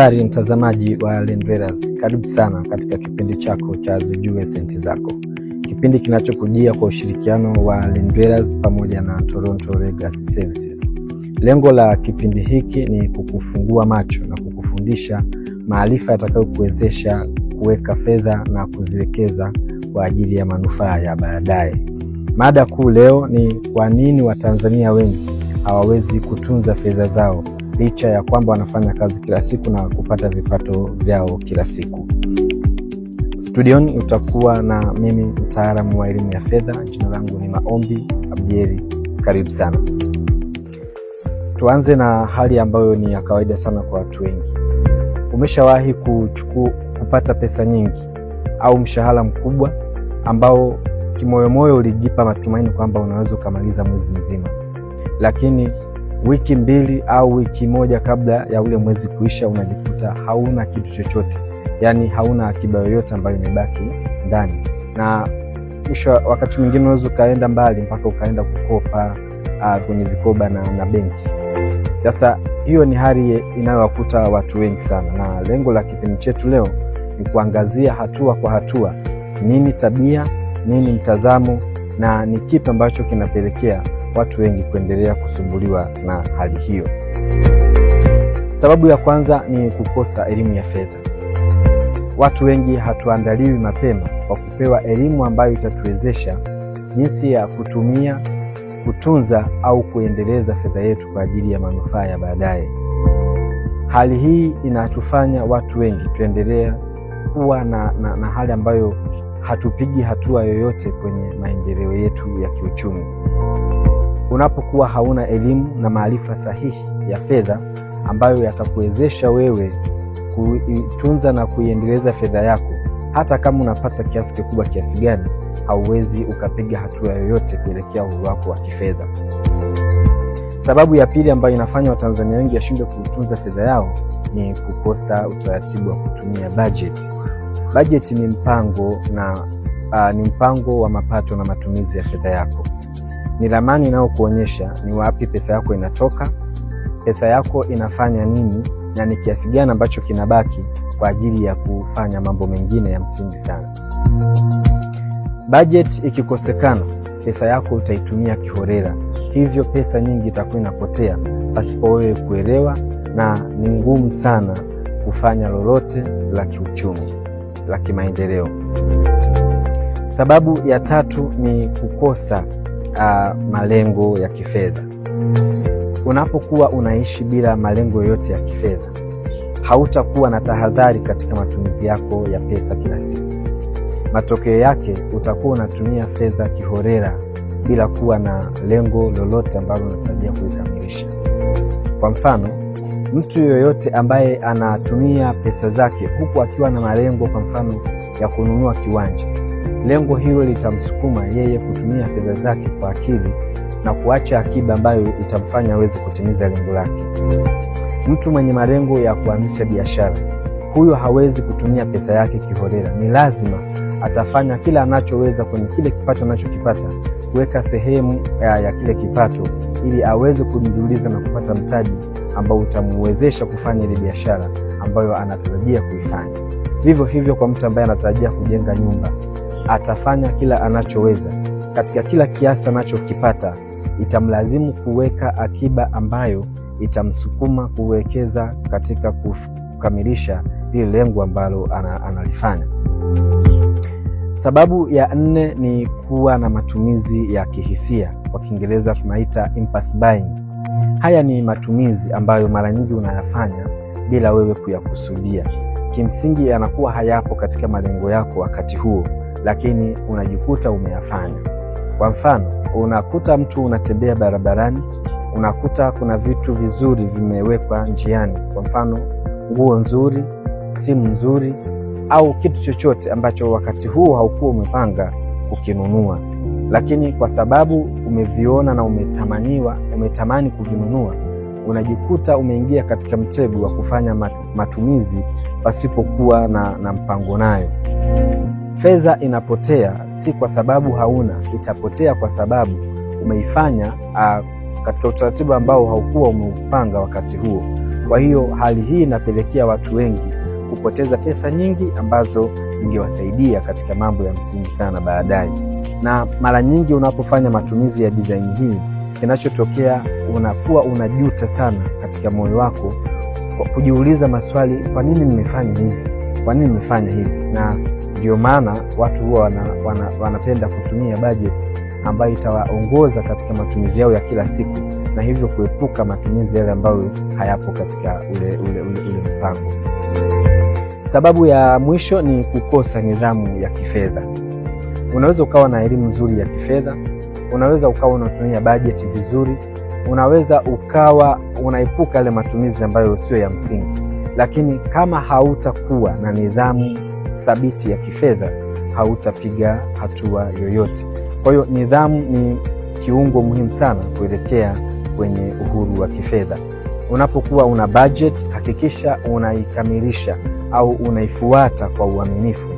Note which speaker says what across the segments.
Speaker 1: Habari mtazamaji wa Lendrailers, karibu sana katika kipindi chako cha Zijue Senti Zako, kipindi kinachokujia kwa ushirikiano wa Lendrailers pamoja na Toronto Legacy Services. Lengo la kipindi hiki ni kukufungua macho na kukufundisha maarifa yatakayokuwezesha kuweka fedha na kuziwekeza kwa ajili ya manufaa ya baadaye. Mada kuu leo ni kwa nini Watanzania wengi hawawezi kutunza fedha zao licha ya kwamba wanafanya kazi kila siku na kupata vipato vyao kila siku. Studioni utakuwa na mimi mtaalamu wa elimu ya fedha, jina langu ni Maombi Abdieli. Karibu sana. Tuanze na hali ambayo ni ya kawaida sana kwa watu wengi. Umeshawahi kupata pesa nyingi au mshahara mkubwa ambao kimoyomoyo ulijipa matumaini kwamba unaweza ukamaliza mwezi mzima, lakini wiki mbili au wiki moja kabla ya ule mwezi kuisha, unajikuta hauna kitu chochote, yaani hauna akiba yoyote ambayo imebaki ndani. Na mwisho, wakati mwingine unaweza ukaenda mbali mpaka ukaenda kukopa uh, kwenye vikoba na, na benki. Sasa hiyo ni hali inayowakuta watu wengi sana, na lengo la kipindi chetu leo ni kuangazia hatua kwa hatua, nini tabia, nini mtazamo na ni kipi ambacho kinapelekea watu wengi kuendelea kusumbuliwa na hali hiyo. Sababu ya kwanza ni kukosa elimu ya fedha. Watu wengi hatuandaliwi mapema kwa kupewa elimu ambayo itatuwezesha jinsi ya kutumia, kutunza au kuendeleza fedha yetu kwa ajili ya manufaa ya baadaye. Hali hii inatufanya watu wengi tuendelea kuwa na, na, na hali ambayo hatupigi hatua yoyote kwenye maendeleo yetu ya kiuchumi unapokuwa hauna elimu na maarifa sahihi ya fedha ambayo yatakuwezesha wewe kuitunza na kuiendeleza fedha yako, hata kama unapata kiasi kikubwa kiasi gani, hauwezi ukapiga hatua yoyote kuelekea uhuru wako wa kifedha. Sababu ya pili ambayo inafanya Watanzania wengi washindwe kutunza fedha yao ni kukosa utaratibu wa kutumia bajeti. Bajeti ni mpango na uh, ni mpango wa mapato na matumizi ya fedha yako ni ramani inayokuonyesha ni wapi pesa yako inatoka, pesa yako inafanya nini, na ni kiasi gani ambacho kinabaki kwa ajili ya kufanya mambo mengine ya msingi sana. Bajeti ikikosekana, pesa yako utaitumia kiholela, hivyo pesa nyingi itakuwa inapotea pasipo wewe kuelewa, na ni ngumu sana kufanya lolote la kiuchumi la kimaendeleo. Sababu ya tatu ni kukosa uh, malengo ya kifedha. Unapokuwa unaishi bila malengo yoyote ya kifedha, hautakuwa na tahadhari katika matumizi yako ya pesa kila siku. Matokeo yake utakuwa unatumia fedha kihorera bila kuwa na lengo lolote ambalo unatarajia kulikamilisha. Kwa mfano, mtu yoyote ambaye anatumia pesa zake huku akiwa na malengo, kwa mfano ya kununua kiwanja Lengo hilo litamsukuma yeye kutumia fedha zake kwa akili na kuacha akiba ambayo itamfanya aweze kutimiza lengo lake. Mtu mwenye malengo ya kuanzisha biashara, huyo hawezi kutumia pesa yake kiholela. Ni lazima atafanya kila anachoweza kwenye kile kipato anachokipata kuweka sehemu ya, eh, ya kile kipato ili aweze kujiuliza na kupata mtaji ambao utamwezesha kufanya ile biashara ambayo anatarajia kuifanya. Vivyo hivyo kwa mtu ambaye anatarajia kujenga nyumba atafanya kila anachoweza katika kila kiasi anachokipata, itamlazimu kuweka akiba ambayo itamsukuma kuwekeza katika kukamilisha lile lengo ambalo analifanya. Sababu ya nne ni kuwa na matumizi ya kihisia, kwa Kiingereza tunaita impulse buying. Haya ni matumizi ambayo mara nyingi unayafanya bila wewe kuyakusudia. Kimsingi yanakuwa hayapo katika malengo yako wakati huo lakini unajikuta umeyafanya. Kwa mfano, unakuta mtu unatembea barabarani, unakuta kuna vitu vizuri vimewekwa njiani, kwa mfano nguo nzuri, simu nzuri, au kitu chochote ambacho wakati huu haukuwa umepanga kukinunua, lakini kwa sababu umeviona na umetamaniwa, umetamani kuvinunua, unajikuta umeingia katika mtego wa kufanya matumizi pasipokuwa na, na mpango nayo. Fedha inapotea si kwa sababu hauna, itapotea kwa sababu umeifanya uh, katika utaratibu ambao haukuwa umeupanga wakati huo. Kwa hiyo hali hii inapelekea watu wengi kupoteza pesa nyingi ambazo ingewasaidia katika mambo ya msingi sana baadaye. Na mara nyingi unapofanya matumizi ya design hii, kinachotokea unakuwa unajuta sana katika moyo wako, kujiuliza maswali, kwa nini nimefanya hivi? Kwa nini nimefanya hivi? na ndio maana watu huwa wana, wana, wanapenda kutumia bajeti ambayo itawaongoza katika matumizi yao ya kila siku, na hivyo kuepuka matumizi yale ambayo hayapo katika ule, ule, ule, ule mpango. Sababu ya mwisho ni kukosa nidhamu ya kifedha. Unaweza ukawa na elimu nzuri ya kifedha, unaweza ukawa unatumia bajeti vizuri, unaweza ukawa unaepuka yale matumizi ambayo sio ya msingi, lakini kama hautakuwa na nidhamu thabiti ya kifedha, hautapiga hatua yoyote. Kwa hiyo nidhamu ni kiungo muhimu sana kuelekea kwenye uhuru wa kifedha. Unapokuwa una budget, hakikisha unaikamilisha au unaifuata kwa uaminifu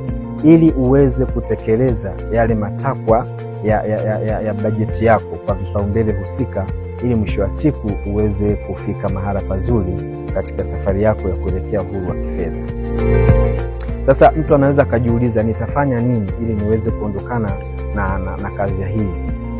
Speaker 1: ili uweze kutekeleza yale matakwa ya, ya, ya, ya, ya bajeti yako kwa vipaumbele husika ili mwisho wa siku uweze kufika mahala pazuri katika safari yako ya kuelekea uhuru wa kifedha. Sasa mtu anaweza akajiuliza nitafanya nini ili niweze kuondokana na, na, na kadhia hii.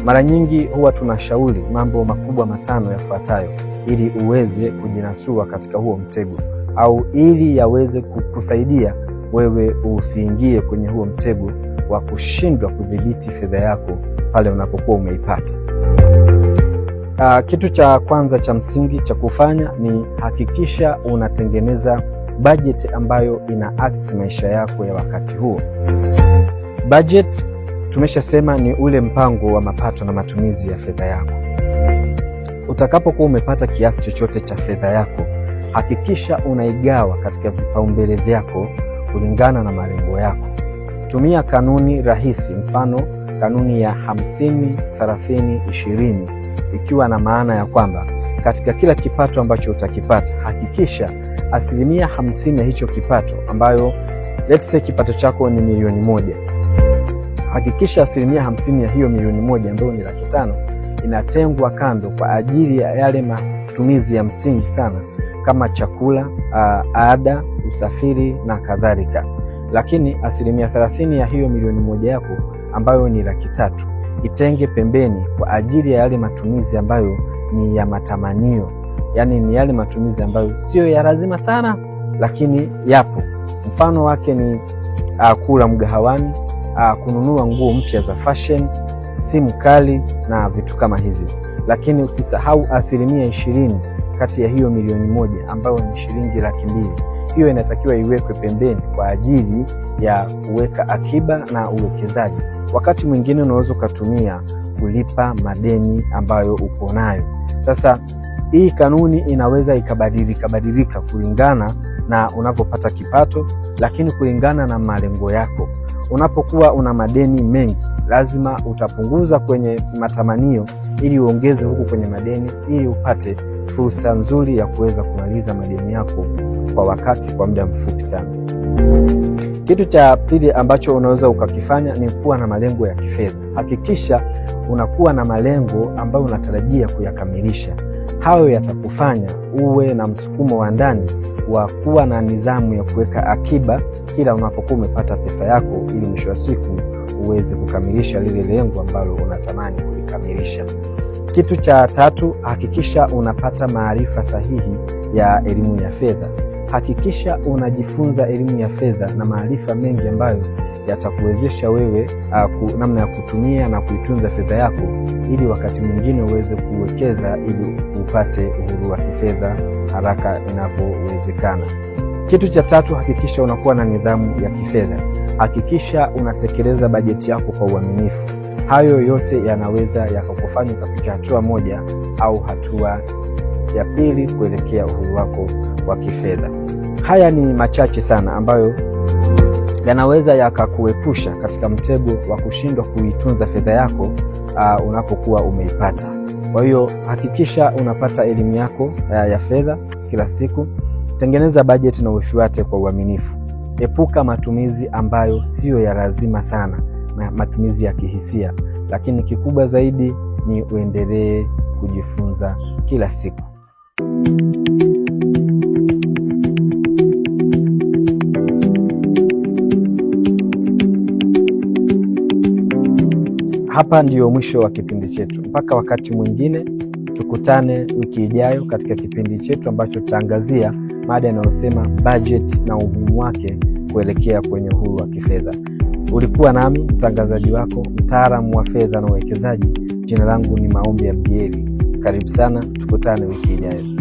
Speaker 1: Mara nyingi huwa tunashauri mambo makubwa matano yafuatayo ili uweze kujinasua katika huo mtego au ili yaweze kukusaidia wewe usiingie kwenye huo mtego wa kushindwa kudhibiti fedha yako pale unapokuwa umeipata. Ah, kitu cha kwanza cha msingi cha kufanya ni hakikisha unatengeneza bajeti ambayo ina akisi maisha yako ya wakati huo. Bajeti tumeshasema ni ule mpango wa mapato na matumizi ya fedha yako. Utakapokuwa umepata kiasi chochote cha fedha yako, hakikisha unaigawa katika vipaumbele vyako kulingana na malengo yako. Tumia kanuni rahisi, mfano kanuni ya 50 30 20, ikiwa na maana ya kwamba katika kila kipato ambacho utakipata hakikisha asilimia hamsini ya hicho kipato, ambayo let's say kipato chako ni milioni moja, hakikisha asilimia hamsini ya hiyo milioni moja ambayo ni laki tano inatengwa kando kwa ajili ya yale matumizi ya msingi sana kama chakula, ada, usafiri na kadhalika. Lakini asilimia thelathini ya hiyo milioni moja yako ambayo ni laki tatu itenge pembeni kwa ajili ya yale matumizi ambayo ni ya matamanio yani ni yale matumizi ambayo sio ya lazima sana, lakini yapo. Mfano wake ni uh, kula mgahawani, uh, kununua nguo mpya za fashion, simu kali na vitu kama hivyo, lakini usisahau asilimia ishirini kati ya hiyo milioni moja ambayo ni shilingi laki mbili hiyo inatakiwa iwekwe pembeni kwa ajili ya kuweka akiba na uwekezaji. Wakati mwingine unaweza ukatumia kulipa madeni ambayo uko nayo sasa hii kanuni inaweza ikabadilika badilika kulingana na unavyopata kipato, lakini kulingana na malengo yako. Unapokuwa una madeni mengi, lazima utapunguza kwenye matamanio ili uongeze huku kwenye madeni, ili upate fursa nzuri ya kuweza kumaliza madeni yako kwa wakati, kwa muda mfupi sana. Kitu cha pili ambacho unaweza ukakifanya ni kuwa na malengo ya kifedha. Hakikisha unakuwa na malengo ambayo unatarajia kuyakamilisha. Hayo yatakufanya uwe na msukumo wa ndani wa kuwa na nidhamu ya kuweka akiba kila unapokuwa umepata pesa yako, ili mwisho wa siku uweze kukamilisha lile lengo ambalo unatamani kulikamilisha. Kitu cha tatu, hakikisha unapata maarifa sahihi ya elimu ya fedha. Hakikisha unajifunza elimu ya fedha na maarifa mengi ambayo yatakuwezesha wewe uh, namna ya kutumia na kuitunza fedha yako ili wakati mwingine uweze kuwekeza ili upate uhuru wa kifedha haraka inavyowezekana. Kitu cha tatu, hakikisha unakuwa na nidhamu ya kifedha. Hakikisha unatekeleza bajeti yako kwa uaminifu. Hayo yote yanaweza yakakufanya ukafika hatua moja au hatua ya pili kuelekea uhuru wako wa kifedha. Haya ni machache sana ambayo yanaweza yakakuepusha katika mtego wa kushindwa kuitunza fedha yako uh, unapokuwa umeipata. Kwa hiyo hakikisha unapata elimu yako uh, ya fedha kila siku. Tengeneza bajeti na uifuate kwa uaminifu. Epuka matumizi ambayo siyo ya lazima sana na matumizi ya kihisia, lakini kikubwa zaidi ni uendelee kujifunza kila siku. Hapa ndiyo mwisho wa kipindi chetu, mpaka wakati mwingine. Tukutane wiki ijayo katika kipindi chetu ambacho tutaangazia mada inayosema bajeti na umuhimu wake kuelekea kwenye uhuru wa kifedha. Ulikuwa nami mtangazaji wako, mtaalamu wa fedha na uwekezaji. Jina langu ni Maombi Abdieli. Karibu sana, tukutane wiki ijayo.